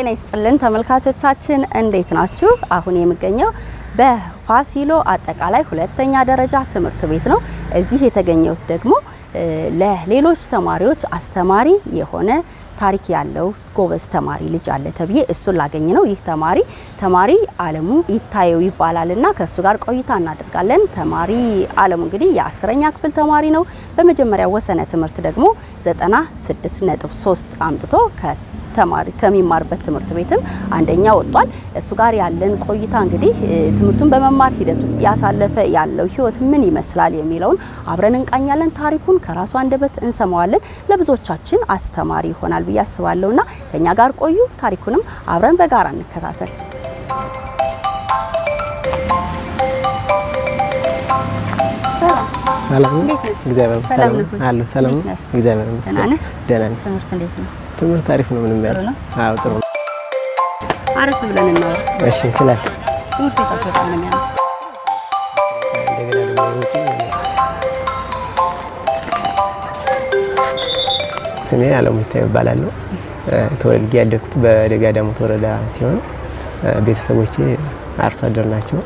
ጤና ይስጥልን ተመልካቾቻችን እንዴት ናችሁ? አሁን የምገኘው በፋሲሎ አጠቃላይ ሁለተኛ ደረጃ ትምህርት ቤት ነው። እዚህ የተገኘሁት ደግሞ ለሌሎች ተማሪዎች አስተማሪ የሆነ ታሪክ ያለው ጎበዝ ተማሪ ልጅ አለ ተብዬ እሱን ላገኝ ነው። ይህ ተማሪ ተማሪ አለሙ ይታየው ይባላል እና ከእሱ ጋር ቆይታ እናደርጋለን። ተማሪ አለሙ እንግዲህ የአስረኛ ክፍል ተማሪ ነው። በመጀመሪያ ወሰነ ትምህርት ደግሞ 96 ነጥብ 3 አምጥቶ ተማሪ ከሚማርበት ትምህርት ቤትም አንደኛ ወጥቷል። እሱ ጋር ያለን ቆይታ እንግዲህ ትምህርቱን በመማር ሂደት ውስጥ ያሳለፈ ያለው ህይወት ምን ይመስላል የሚለውን አብረን እንቃኛለን። ታሪኩን ከራሱ አንደበት እንሰማዋለን። ለብዙዎቻችን አስተማሪ ይሆናል ብዬ አስባለሁና ከኛ ጋር ቆዩ። ታሪኩንም አብረን በጋራ እንከታተል። ሰላም ነው። እግዚአብሔር ይመስገን። ሰላም ነው። እግዚአብሔር ይመስገን። ደህና ነህ? ትምህርት እንዴት ነው? ትምህርት አሪፍ ነው። ምንም ያለ አዎ፣ ጥሩ ነው። አረፍ ብለን እናወራ። እሺ፣ እንችላለን። ትምህርት የታፈጠ ነው የሚያምር ስሜ አለሙታይ እባላለሁ። ተወልጄ ያደኩት በደጋ ዳሞት ወረዳ ሲሆን ቤተሰቦቼ አርሶ አደር ናቸው።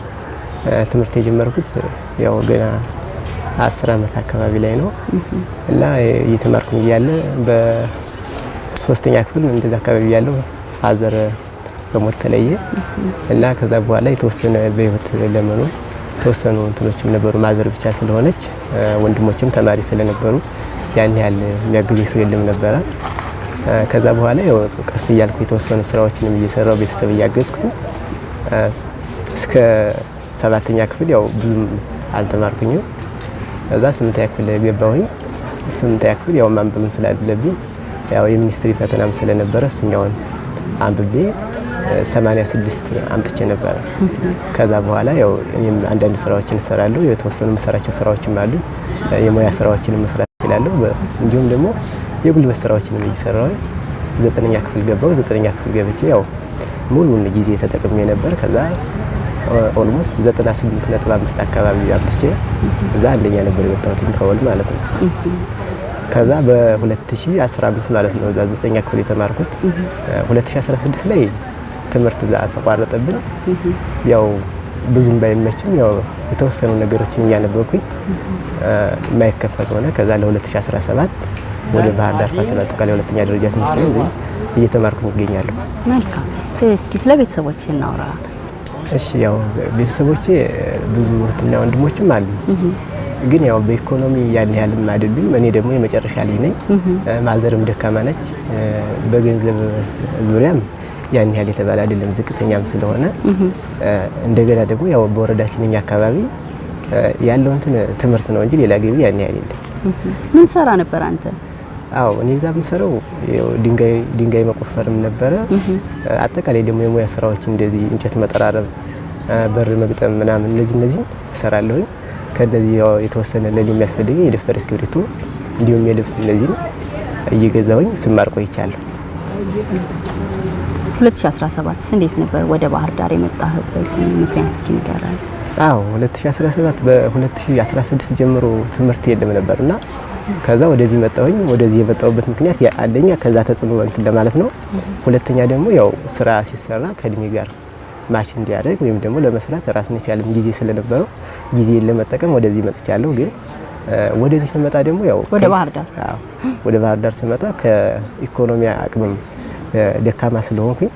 ትምህርት የጀመርኩት ያው ገና አስር አመት አካባቢ ላይ ነው እና እየተማርኩኝ እያለ ሶስተኛ ክፍል እንደዛ አካባቢ ያለው ፋዘር በሞት ተለየ እና ከዛ በኋላ የተወሰነ በህይወት ለመኖር የተወሰኑ እንትኖችም ነበሩ። ማዘር ብቻ ስለሆነች ወንድሞችም ተማሪ ስለነበሩ ያን ያህል የሚያግዜ ሰው የለም ነበረ። ከዛ በኋላ ቀስ እያልኩ የተወሰኑ ስራዎችንም እየሰራው ቤተሰብ እያገዝኩ እስከ ሰባተኛ ክፍል ያው ብዙም አልተማርኩኝም። እዛ ስምንተኛ ክፍል ገባሁኝ። ስምንተኛ ክፍል ያው ማንበብም ስላለብኝ ያው የሚኒስትሪ ፈተናም ስለነበረ እሱኛውን አንብቤ 86 አምጥቼ ነበረ። ከዛ በኋላ ያው እኔም አንዳንድ ስራዎችን እሰራለሁ። የተወሰኑ የምሰራቸው ስራዎችም አሉ። የሙያ ስራዎችን መስራት እችላለሁ። እንዲሁም ደግሞ የጉልበት ስራዎችን እየሰራሁ ዘጠነኛ ክፍል ገባሁ። ዘጠነኛ ክፍል ገብቼ ያው ሙሉውን ጊዜ ተጠቅሜ ነበር። ከዛ ኦልሞስት አምስት አካባቢ አምጥቼ እዛ አንደኛ ነበር የወጣሁትኝ ከወል ማለት ነው። ከዛ በ2015 ማለት ነው እዛ ዘጠኛ ክፍል የተማርኩት 2016 ላይ ትምህርት እዛ ተቋረጠብን። ያው ብዙም ባይመችም ያው የተወሰኑ ነገሮችን እያነበብኩኝ የማይከፈት ሆነ። ከዛ ለ2017 ወደ ባህር ዳር ፋሲል አጠቃላይ ሁለተኛ ደረጃ ትምህርት ቤት እየተማርኩኝ ይገኛለሁ። መልካም። እስኪ ስለ ቤተሰቦች እናውራ። እሺ፣ ያው ቤተሰቦቼ ብዙ እህትና ወንድሞችም አሉ ግን ያው በኢኮኖሚ ያን ያህልም አይደሉም። እኔ ደግሞ የመጨረሻ ልጅ ነኝ። ማዘርም ደካማ ነች። በገንዘብ ዙሪያም ያን ያህል የተባለ አይደለም፣ ዝቅተኛም ስለሆነ እንደገና ደግሞ ያው በወረዳችን እኛ አካባቢ ያለው እንትን ትምህርት ነው እንጂ ሌላ ገቢ ያን ያህል የለም። ምን ሰራ ነበር አንተ? አዎ እኔ እዛ የምሰራው ድንጋይ ድንጋይ መቆፈርም ነበረ። አጠቃላይ ደግሞ የሙያ ስራዎች እንደዚህ እንጨት መጠራረብ፣ በር መግጠም ምናምን እነዚህ እነዚህ እሰራለሁኝ። ከእነዚህ የተወሰነ ለኔ የሚያስፈልገ የደብተር እስክሪብቶ እንዲሁም የልብስ እነዚህ እየገዛሁኝ ስማር ቆይቻለሁ። 2017 እንዴት ነበር ወደ ባህር ዳር የመጣህበት ምክንያት እስኪ ንገረን? አዎ 2017 በ2016 ጀምሮ ትምህርት የለም ነበርና ከዛ ወደዚህ መጣሁኝ። ወደዚህ የመጣሁበት ምክንያት አንደኛ ከዛ ተጽዕኖ እንትን ለማለት ነው። ሁለተኛ ደግሞ ያው ስራ ሲሰራ ከእድሜ ጋር ማች እንዲያደርግ ወይም ደግሞ ለመስራት ራስን የቻለም ጊዜ ስለነበረው ጊዜን ለመጠቀም ወደዚህ መጥቻለሁ። ግን ወደዚህ ስመጣ ደግሞ ያው ወደ ባህር ዳር ወደ ባህር ዳር ስመጣ ከኢኮኖሚ አቅምም ደካማ ስለሆንኩኝ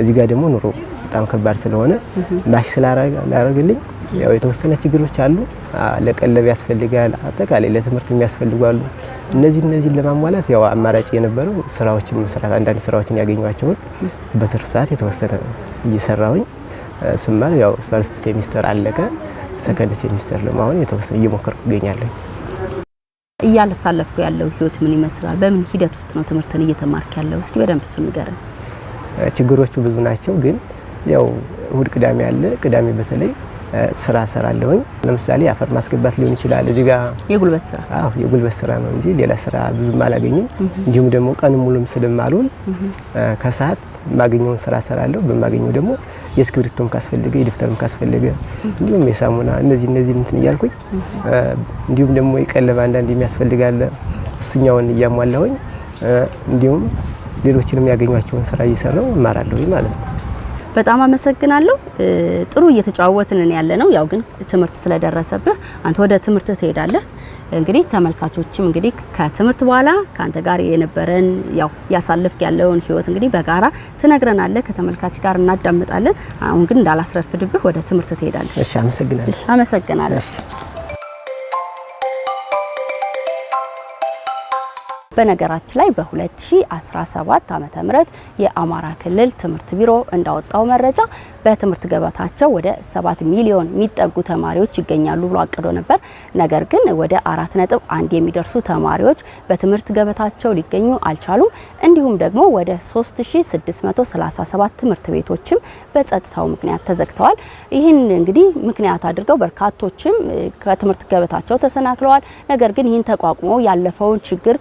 እዚህ ጋር ደግሞ ኑሮ በጣም ከባድ ስለሆነ ማሽ ስላላረግልኝ ያው የተወሰነ ችግሮች አሉ። ለቀለብ ያስፈልጋል፣ አጠቃላይ ለትምህርት የሚያስፈልጉ አሉ። እነዚህ እነዚህን ለማሟላት ያው አማራጭ የነበረው ስራዎችን መስራት፣ አንዳንድ ስራዎችን ያገኟቸውን በትርፍ ሰዓት የተወሰነ እየሰራሁኝ ስመር ያው ፈርስት ሴሚስተር አለቀ። ሰከንድ ሴሚስተር ደግሞ አሁን የተወሰነ እየሞከርኩ እገኛለሁ። እያሳለፍኩ ያለው ህይወት ምን ይመስላል? በምን ሂደት ውስጥ ነው ትምህርትን እየተማርክ ያለው? እስኪ በደንብ እሱ ንገረን። ችግሮቹ ብዙ ናቸው፣ ግን ያው እሁድ ቅዳሜ አለ። ቅዳሜ በተለይ ስራ ሰራለሁኝ። ለምሳሌ አፈር ማስገባት ሊሆን ይችላል። እዚህ ጋር የጉልበት ስራ አዎ፣ የጉልበት ስራ ነው እንጂ ሌላ ስራ ብዙም አላገኝም። እንዲሁም ደግሞ ቀን ሙሉም ስለማልውል ከሰዓት የማገኘውን ስራ ሰራለሁ። በማገኘው ደግሞ የእስክሪብቶም ካስፈለገ የደብተርም ካስፈለገ እንዲሁም የሳሙና እነዚህ እነዚህ እንትን እያልኩኝ እንዲሁም ደግሞ የቀለብ አንዳንድ የሚያስፈልጋለ እሱኛውን እያሟላሁኝ እንዲሁም ሌሎችንም ያገኟቸውን ስራ እየሰራው እማራለሁ ማለት ነው። በጣም አመሰግናለሁ። ጥሩ እየተጫወትን ያለ ነው። ያው ግን ትምህርት ስለደረሰብህ አንተ ወደ ትምህርት ትሄዳለህ። እንግዲህ ተመልካቾችም እንግዲህ ከትምህርት በኋላ ከአንተ ጋር የነበረን ያው ያሳልፍክ ያለውን ህይወት እንግዲህ በጋራ ትነግረናለህ። ከተመልካች ጋር እናዳምጣለን። አሁን ግን እንዳላስረፍድብህ ወደ ትምህርት ትሄዳለህ። እሺ፣ አመሰግናለሁ። እሺ፣ አመሰግናለሁ። በነገራችን ላይ በ2017 ዓ ም የአማራ ክልል ትምህርት ቢሮ እንዳወጣው መረጃ በትምህርት ገበታቸው ወደ 7 ሚሊዮን የሚጠጉ ተማሪዎች ይገኛሉ ብሎ አቅዶ ነበር። ነገር ግን ወደ አራት ነጥብ አንድ የሚደርሱ ተማሪዎች በትምህርት ገበታቸው ሊገኙ አልቻሉም። እንዲሁም ደግሞ ወደ 3637 ትምህርት ቤቶችም በጸጥታው ምክንያት ተዘግተዋል። ይህን እንግዲህ ምክንያት አድርገው በርካቶችም ከትምህርት ገበታቸው ተሰናክለዋል። ነገር ግን ይህን ተቋቁሞ ያለፈውን ችግር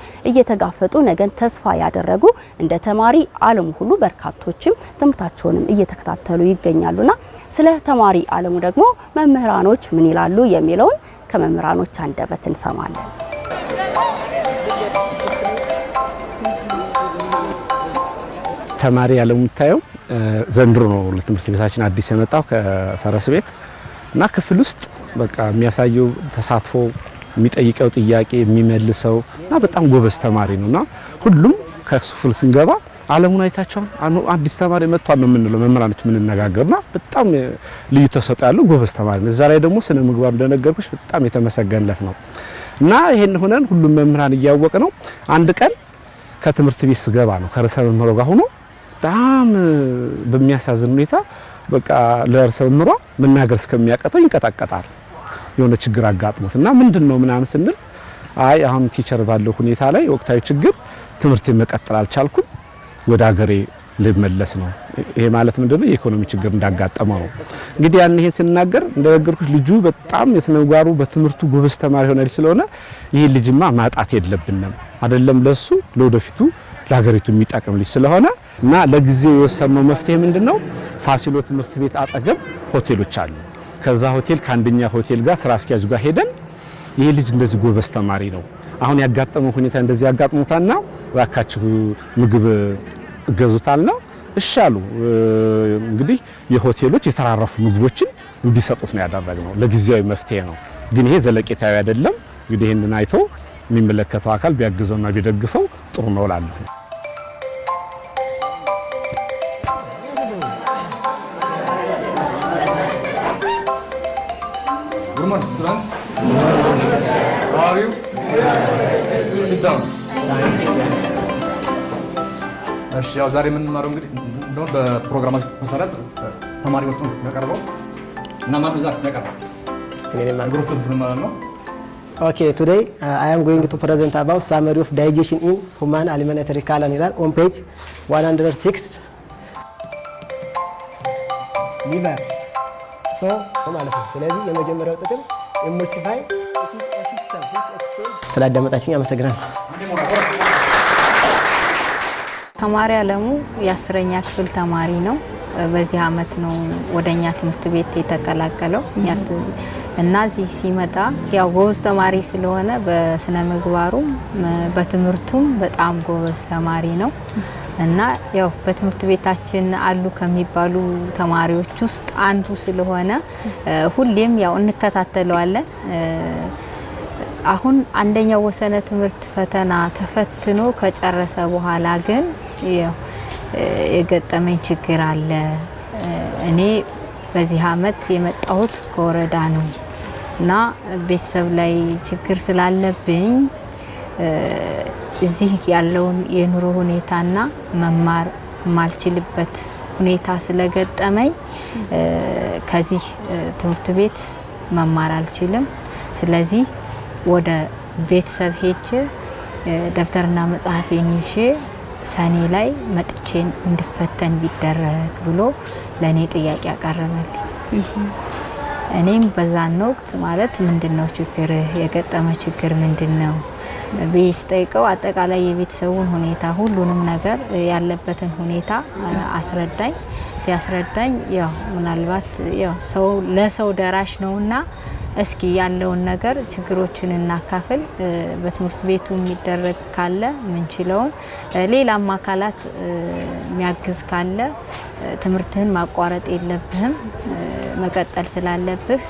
እየተጋፈጡ ነገን ተስፋ ያደረጉ እንደ ተማሪ አለሙ ሁሉ በርካቶችም ትምህርታቸውንም እየተከታተሉ ይገኛሉና ስለ ተማሪ አለሙ ደግሞ መምህራኖች ምን ይላሉ የሚለውን ከመምህራኖች አንደበት እንሰማለን። ተማሪ አለሙ የምታየው ዘንድሮ ነው ለትምህርት ቤታችን አዲስ የመጣው ከፈረስ ቤት እና ክፍል ውስጥ በቃ የሚያሳየው ተሳትፎ የሚጠይቀው ጥያቄ የሚመልሰው እና በጣም ጎበዝ ተማሪ ነው እና ሁሉም ከክፍል ስንገባ አለሙን አይታቸውን አዲስ ተማሪ መጥቷል ነው የምንለው መምህራኖች የምንነጋገርና በጣም ልዩ ተሰጥኦ ያለው ጎበዝ ተማሪ ነው። እዛ ላይ ደግሞ ስነ ምግባር እንደነገርኩሽ በጣም የተመሰገንለት ነው እና ይሄን ሆነን ሁሉም መምህራን እያወቅ ነው። አንድ ቀን ከትምህርት ቤት ስገባ ነው ከርዕሰ መምህሮ ጋር ሆኖ በጣም በሚያሳዝን ሁኔታ በቃ ለርዕሰ መምህሯ መናገር እስከሚያቀተው ይንቀጠቀጣል። የሆነ ችግር አጋጥሞት እና ምንድን ነው ምናምን ስንል አይ አሁን ቲቸር ባለው ሁኔታ ላይ ወቅታዊ ችግር ትምህርት መቀጠል አልቻልኩም፣ ወደ ሀገሬ ልመለስ ነው። ይሄ ማለት ምንድን ነው የኢኮኖሚ ችግር እንዳጋጠመው ነው። እንግዲህ ያን ይሄን ስናገር እንደነገርኩሽ ልጁ በጣም የስነምግባሩ በትምህርቱ ጎበዝ ተማሪ የሆነ ስለሆነ ይሄ ልጅማ ማጣት የለብንም አይደለም ለሱ ለወደፊቱ ለሀገሪቱ የሚጠቅም ልጅ ስለሆነ እና ለጊዜው የወሰነው መፍትሄ ምንድን ነው ፋሲሎ ትምህርት ቤት አጠገብ ሆቴሎች አሉ ከዛ ሆቴል ከአንደኛ ሆቴል ጋር ስራ አስኪያጅ ጋር ሄደን ይሄ ልጅ እንደዚህ ጎበዝ ተማሪ ነው፣ አሁን ያጋጠመው ሁኔታ እንደዚህ ያጋጥሙታልና እባካችሁ ምግብ እገዙታል ነው። እሺ አሉ። እንግዲህ የሆቴሎች የተራረፉ ምግቦችን እንዲሰጡት ነው ያደረግነው። ለጊዜያዊ መፍትሄ ነው፣ ግን ይሄ ዘለቄታዊ አይደለም። እንግዲህ ይህንን አይቶ የሚመለከተው አካል ቢያግዘውና ቢደግፈው ጥሩ ነው እላለሁ። Good morning, students. How are you? Sit down. እሺ ያው ዛሬ የምንማረው እንግዲህ እንደውም በፕሮግራማችን መሰረት ተማሪ ወስጥ የሚያቀርበው እና ማን ነው ዛሬ ግሩፕ እንትን ማለት ነው። ኦኬ ቱዴይ አይ አም ጎይንግ ቱ ፕሬዘንት አባውት ሳመሪ ኦፍ ዳይጀሽን ኢን ሁማን አሊመንተሪ ካላን ይላል ኦን ፔጅ 106 ሊቨር ሰው ማለት ነው። ስለዚህ የመጀመሪያው ጥቅም ኢምልሲፋይ ስላዳመጣችሁኝ አመሰግናለሁ። ተማሪ አለሙ የአስረኛ ክፍል ተማሪ ነው። በዚህ አመት ነው ወደኛ ትምህርት ቤት የተቀላቀለው እና እዚህ ሲመጣ ያው ጎበዝ ተማሪ ስለሆነ በስነ ምግባሩም በትምህርቱም በጣም ጎበዝ ተማሪ ነው። እና ያው በትምህርት ቤታችን አሉ ከሚባሉ ተማሪዎች ውስጥ አንዱ ስለሆነ ሁሌም ያው እንከታተለዋለን። አሁን አንደኛው ወሰነ ትምህርት ፈተና ተፈትኖ ከጨረሰ በኋላ ግን የገጠመኝ ችግር አለ። እኔ በዚህ አመት የመጣሁት ከወረዳ ነው እና ቤተሰብ ላይ ችግር ስላለብኝ እዚህ ያለውን የኑሮ ሁኔታና መማር የማልችልበት ሁኔታ ስለገጠመኝ ከዚህ ትምህርት ቤት መማር አልችልም። ስለዚህ ወደ ቤተሰብ ሄጄ ደብተርና መጽሐፌን ይዤ ሰኔ ላይ መጥቼን እንድፈተን ቢደረግ ብሎ ለእኔ ጥያቄ ያቀረበልኝ። እኔም በዛን ወቅት ማለት ምንድን ነው ችግርህ? የገጠመ ችግር ምንድን ነው ብዬ ስጠይቀው አጠቃላይ የቤተሰቡን ሁኔታ ሁሉንም ነገር ያለበትን ሁኔታ አስረዳኝ። ሲያስረዳኝ ያው ምናልባት ያው ሰው ለሰው ደራሽ ነውና እስኪ ያለውን ነገር ችግሮችን እናካፍል፣ በትምህርት ቤቱ የሚደረግ ካለ ምንችለውን፣ ሌላም አካላት የሚያግዝ ካለ ትምህርትህን ማቋረጥ የለብህም መቀጠል ስላለብህ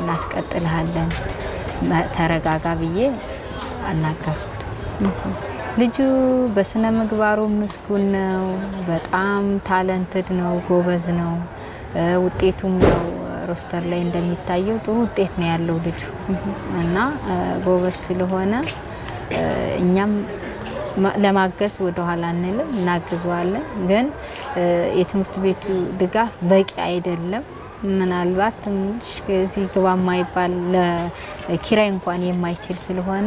እናስቀጥልሃለን፣ ተረጋጋ ብዬ አናገርኩት። ልጁ በስነ ምግባሩ ምስጉን ነው። በጣም ታለንትድ ነው፣ ጎበዝ ነው። ውጤቱም ነው ሮስተር ላይ እንደሚታየው ጥሩ ውጤት ነው ያለው ልጁ እና ጎበዝ ስለሆነ እኛም ለማገዝ ወደኋላ አንልም፣ እናግዘዋለን። ግን የትምህርት ቤቱ ድጋፍ በቂ አይደለም። ምናልባት ትንሽ እዚህ ግባ የማይባል ለኪራይ እንኳን የማይችል ስለሆነ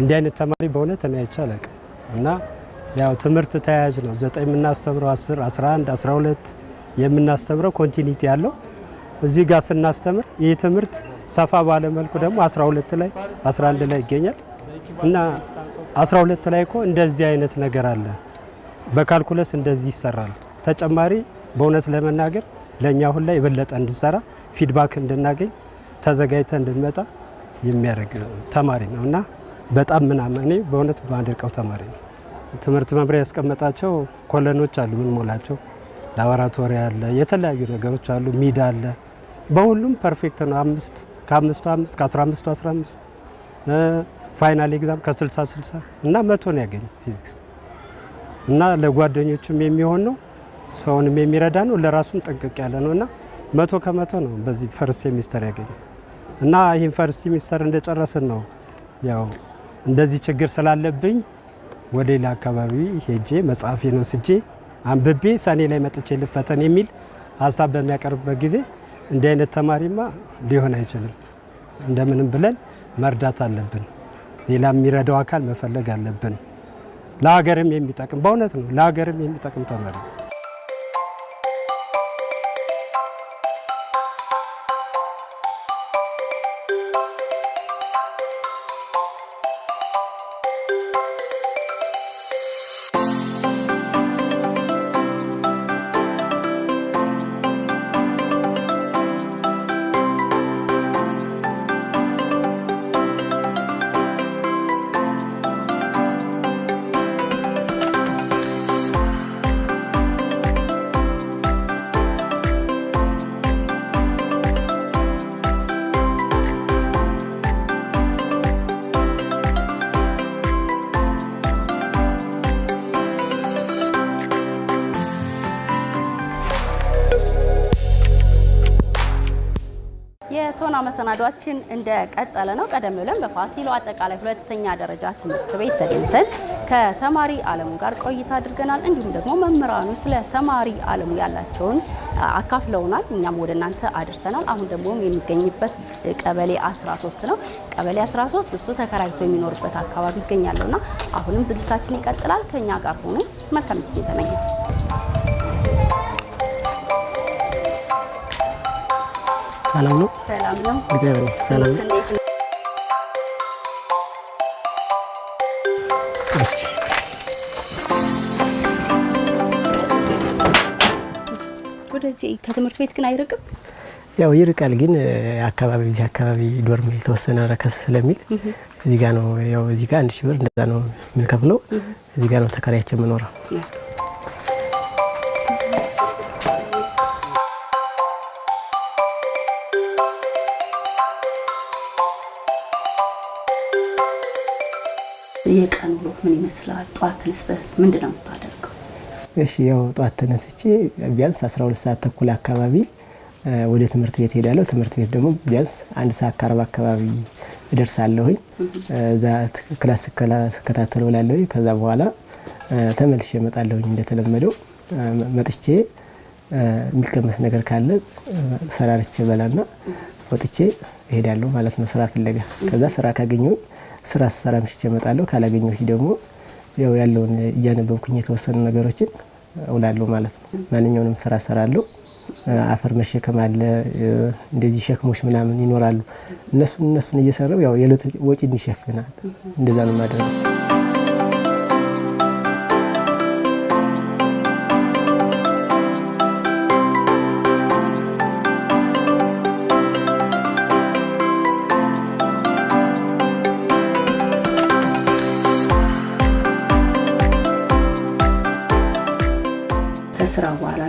እንዲህ አይነት ተማሪ በእውነት እኔ አይቼ አላውቅም። እና ያው ትምህርት ተያያዥ ነው። ዘጠኝ የምናስተምረው 10፣ 11፣ 12 የምናስተምረው ኮንቲኒቲ ያለው እዚህ ጋር ስናስተምር ይህ ትምህርት ሰፋ ባለ መልኩ ደግሞ 12 ላይ 11 ላይ ይገኛል እና 12 ላይ እኮ እንደዚህ አይነት ነገር አለ። በካልኩለስ እንደዚህ ይሰራል። ተጨማሪ በእውነት ለመናገር ለእኛ አሁን ላይ የበለጠ እንድንሰራ ፊድባክ እንድናገኝ ተዘጋጅተ እንድንመጣ የሚያደርግ ተማሪ ነው እና በጣም ምናምን እኔ በእውነት በማደርቀው ተማሪ ነው። ትምህርት መምሪያ ያስቀመጣቸው ኮለኖች አሉ ሞላቸው ላቦራቶሪ አለ፣ የተለያዩ ነገሮች አሉ፣ ሚዳ አለ። በሁሉም ፐርፌክት ነው። አምስት ከአምስቱ አምስት ከአስራአምስቱ አስራአምስት ፋይናል ኤግዛም ከስልሳ ስልሳ እና መቶ ነው ያገኘ ፊዚክስ እና ለጓደኞችም የሚሆን ነው፣ ሰውንም የሚረዳ ነው፣ ለራሱም ጥንቅቅ ያለ ነው እና መቶ ከመቶ ነው በዚህ ፈርስት ሴሚስተር ያገኘ እና ይህን ፈርስት ሴሚስተር እንደጨረስን ነው ያው እንደዚህ ችግር ስላለብኝ ወደ ሌላ አካባቢ ሄጄ መጽሐፌን ወስጄ አንብቤ ሰኔ ላይ መጥቼ ልፈተን የሚል ሀሳብ በሚያቀርብበት ጊዜ እንዲህ አይነት ተማሪማ ሊሆን አይችልም፣ እንደምንም ብለን መርዳት አለብን፣ ሌላ የሚረዳው አካል መፈለግ አለብን። ለሀገርም የሚጠቅም በእውነት ነው፣ ለሀገርም የሚጠቅም ተማሪ ቆይታችን እንደቀጠለ ነው። ቀደም ብለን በፋሲሎ አጠቃላይ ሁለተኛ ደረጃ ትምህርት ቤት ተገኝተን ከተማሪ አለሙ ጋር ቆይታ አድርገናል። እንዲሁም ደግሞ መምህራኑ ስለ ተማሪ አለሙ ያላቸውን አካፍለውናል። እኛም ወደ እናንተ አድርሰናል። አሁን ደግሞ የሚገኝበት ቀበሌ 13 ነው። ቀበሌ 13 እሱ ተከራይቶ የሚኖርበት አካባቢ ይገኛለሁና አሁንም ዝግጅታችን ይቀጥላል። ከኛ ጋር ሆኑ። መልካም ጊዜ ተመኘ ሰላም ነው? ሰላም ነው። እግዚአብሔር ሰላም ነው። ወደዚህ ከትምህርት ቤት ግን አይርቅም? ያው ይርቃል፣ ግን አካባቢ እዚህ አካባቢ ዶርም የተወሰነ ረከስ ስለሚል እዚህ ጋ ነው። ያው እዚህ ጋ አንድ ሺህ ብር እንደዛ ነው የምንከፍለው። እዚህ ጋ ነው ተከራያችን የምኖረው። ምን ይመስላል? ጠዋት ተነስተህ ምንድን ነው የምታደርገው? እሺ ያው ጠዋት ተነስቼ ቢያንስ 12 ሰዓት ተኩል አካባቢ ወደ ትምህርት ቤት ሄዳለሁ። ትምህርት ቤት ደግሞ ቢያንስ አንድ ሰዓት ከአርባ አካባቢ እደርሳለሁኝ። እዛ ክላስ ስከታተል ውላለሁ። ከዛ በኋላ ተመልሼ እመጣለሁኝ። እንደተለመደው መጥቼ የሚቀመስ ነገር ካለ ሰራርቼ በላና ወጥቼ እሄዳለሁ ማለት ነው ስራ ፍለጋ። ከዛ ስራ ካገኘሁኝ ስራ ስሰራ ምሽቼ እመጣለሁ። ካላገኘሁ ደግሞ ያው ያለውን እያነበብኩኝ የተወሰኑ ነገሮችን እውላለሁ ማለት ነው። ማንኛውንም ስራ እሰራለሁ። አፈር መሸከም አለ፣ እንደዚህ ሸክሞች ምናምን ይኖራሉ። እነሱን እነሱን እየሰራው ያው የለት ወጪ እንዲሸፍናል። እንደዛ ነው ማድረግ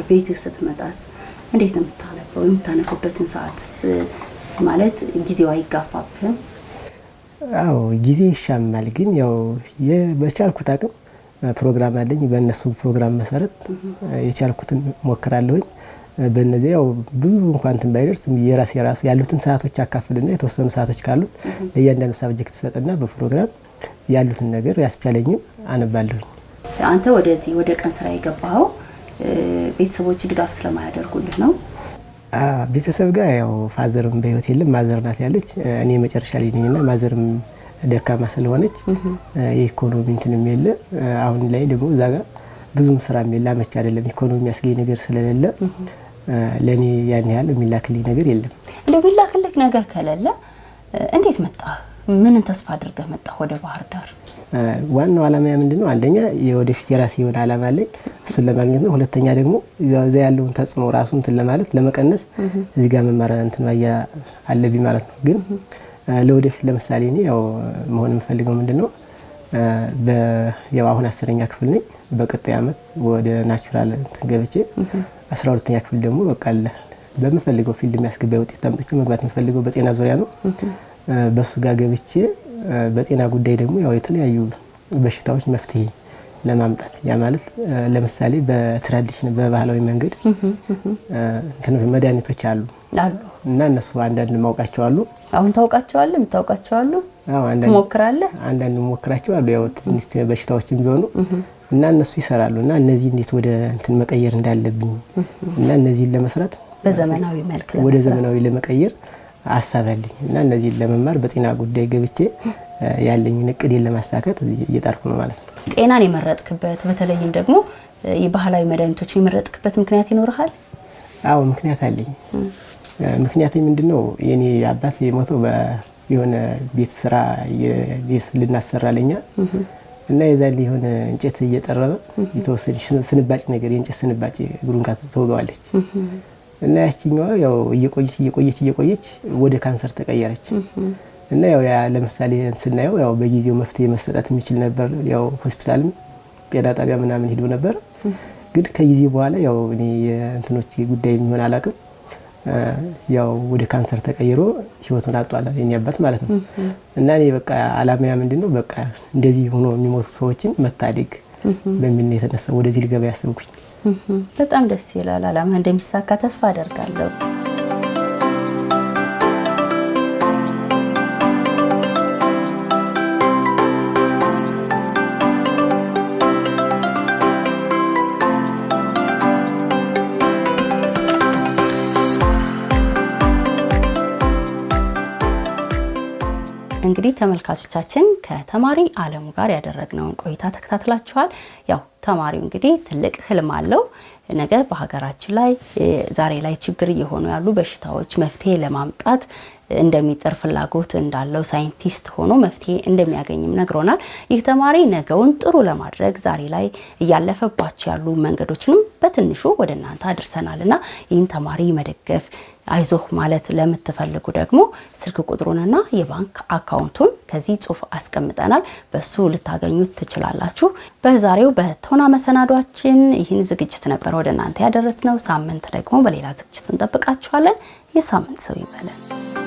ቤትህ ስትመጣስ እንዴት ነው የምታነበው? የምታነብበትን ሰዓትስ ማለት ጊዜው አይጋፋብህም? አዎ ጊዜ ይሻማል። ግን ያው በቻልኩት አቅም ፕሮግራም አለኝ። በእነሱ ፕሮግራም መሰረት የቻልኩትን ሞክራለሁኝ። በእነዚያ ያው ብዙ እንኳን እንትን ባይደርስ የራስ የራሱ ያሉትን ሰዓቶች አካፍልና የተወሰኑ ሰዓቶች ካሉት ለእያንዳንዱ ሳብጀክት ሰጥና በፕሮግራም ያሉትን ነገር ያስቻለኝም አነባለሁኝ። አንተ ወደዚህ ወደ ቀን ስራ የገባኸው ቤተሰቦች ድጋፍ ስለማያደርጉልህ ነው? ቤተሰብ ጋር ያው ፋዘርም በህይወት የለም፣ ማዘር ናት ያለች። እኔ መጨረሻ ልጅ ነኝና ማዘርም ደካማ ስለሆነች የኢኮኖሚ እንትንም የለ። አሁን ላይ ደግሞ እዛ ጋር ብዙም ስራም የለ፣ አመቻ አይደለም። ኢኮኖሚ የሚያስገኝ ነገር ስለሌለ ለእኔ ያን ያህል የሚላክልኝ ነገር የለም። እንደ ሚላክልክ ነገር ከሌለ እንዴት መጣህ? ምንን ተስፋ አድርገህ መጣህ ወደ ባህር ዳር? ዋናው አላማ ምንድን ነው? አንደኛ የወደፊት የራሴ የሆነ አላማ አለኝ እሱን ለማግኘት ነው። ሁለተኛ ደግሞ እዛ ያለውን ተጽዕኖ ራሱ እንትን ለማለት ለመቀነስ እዚህ ጋር መማር እንትን ማያ አለብኝ ማለት ነው። ግን ለወደፊት ለምሳሌ እኔ ያው መሆን የምፈልገው ምንድን ነው? ያው አሁን አስረኛ ክፍል ነኝ። በቀጣይ አመት ወደ ናቹራል እንትን ገብቼ አስራ ሁለተኛ ክፍል ደግሞ በቃ በምፈልገው ፊልድ የሚያስገባ ውጤት አምጥቼ መግባት የምፈልገው በጤና ዙሪያ ነው። በእሱ ጋር ገብቼ በጤና ጉዳይ ደግሞ ያው የተለያዩ በሽታዎች መፍትሄ ለማምጣት ያ ማለት ለምሳሌ በትራዲሽን በባህላዊ መንገድ እንትን መድኃኒቶች አሉ እና እነሱ አንዳንድ ማውቃቸው አሉ። አሁን ታውቃቸዋለህ? የምታውቃቸው አሉ፣ ትሞክራለህ? አንዳንድ ሞክራቸው አሉ። ያው ትንሽ በሽታዎችም ቢሆኑ እና እነሱ ይሰራሉ እና እነዚህ እንዴት ወደ እንትን መቀየር እንዳለብኝ እና እነዚህን ለመስራት በዘመናዊ መልክ ወደ ዘመናዊ ለመቀየር አሳባልኝ እና እነዚህን ለመማር በጤና ጉዳይ ገብቼ ያለኝን እቅዴን ለማሳካት እየጣርኩ ነው ማለት ነው። ጤናን የመረጥክበት በተለይም ደግሞ የባህላዊ መድኃኒቶችን የመረጥክበት ምክንያት ይኖርሃል? አዎ ምክንያት አለኝ። ምክንያት ምንድን ነው? የኔ አባት የሞተው የሆነ ቤት ስራ ቤት ልናሰራለኛ እና የዛን የሆነ እንጨት እየጠረበ የተወሰነ ስንባጭ ነገር የእንጨት ስንባጭ እግሩን ተወገዋለች። እና ያችኛዋ ያው እየቆየች እየቆየች እየቆየች ወደ ካንሰር ተቀየረች። እና ያው ያ ለምሳሌ ስናየው ያው በጊዜው መፍትሄ መሰጠት የሚችል ነበር። ያው ሆስፒታልም ጤና ጣቢያ ምናምን ሄዶ ነበር። ግን ከጊዜ በኋላ ያው እኔ የእንትኖች ጉዳይ የሚሆን አላውቅም ያው ወደ ካንሰር ተቀይሮ ህይወቱን አጧል የኔ አባት ማለት ነው። እና እኔ በቃ አላማያ ምንድን ነው በቃ እንደዚህ ሆኖ የሚሞቱ ሰዎችን መታደግ በሚል ነው የተነሳ ወደዚህ ልገባ ያሰብኩኝ። በጣም ደስ ይላል። አላማ እንደሚሳካ ተስፋ አደርጋለሁ። እንግዲህ ተመልካቾቻችን ከተማሪ አለሙ ጋር ያደረግነውን ቆይታ ተከታትላችኋል። ያው ተማሪው እንግዲህ ትልቅ ህልም አለው። ነገ በሀገራችን ላይ ዛሬ ላይ ችግር እየሆኑ ያሉ በሽታዎች መፍትሄ ለማምጣት እንደሚጥር ፍላጎት እንዳለው ሳይንቲስት ሆኖ መፍትሄ እንደሚያገኝም ነግሮናል። ይህ ተማሪ ነገውን ጥሩ ለማድረግ ዛሬ ላይ እያለፈባቸው ያሉ መንገዶችንም በትንሹ ወደ እናንተ አድርሰናል እና ይህን ተማሪ መደገፍ አይዞህ ማለት ለምትፈልጉ ደግሞ ስልክ ቁጥሩንና የባንክ አካውንቱን ከዚህ ጽሁፍ አስቀምጠናል። በሱ ልታገኙት ትችላላችሁ። በዛሬው በቶና መሰናዷችን ይህን ዝግጅት ነበር ወደ እናንተ ያደረስነው። ሳምንት ደግሞ በሌላ ዝግጅት እንጠብቃችኋለን። የሳምንት ሰው ይበለን።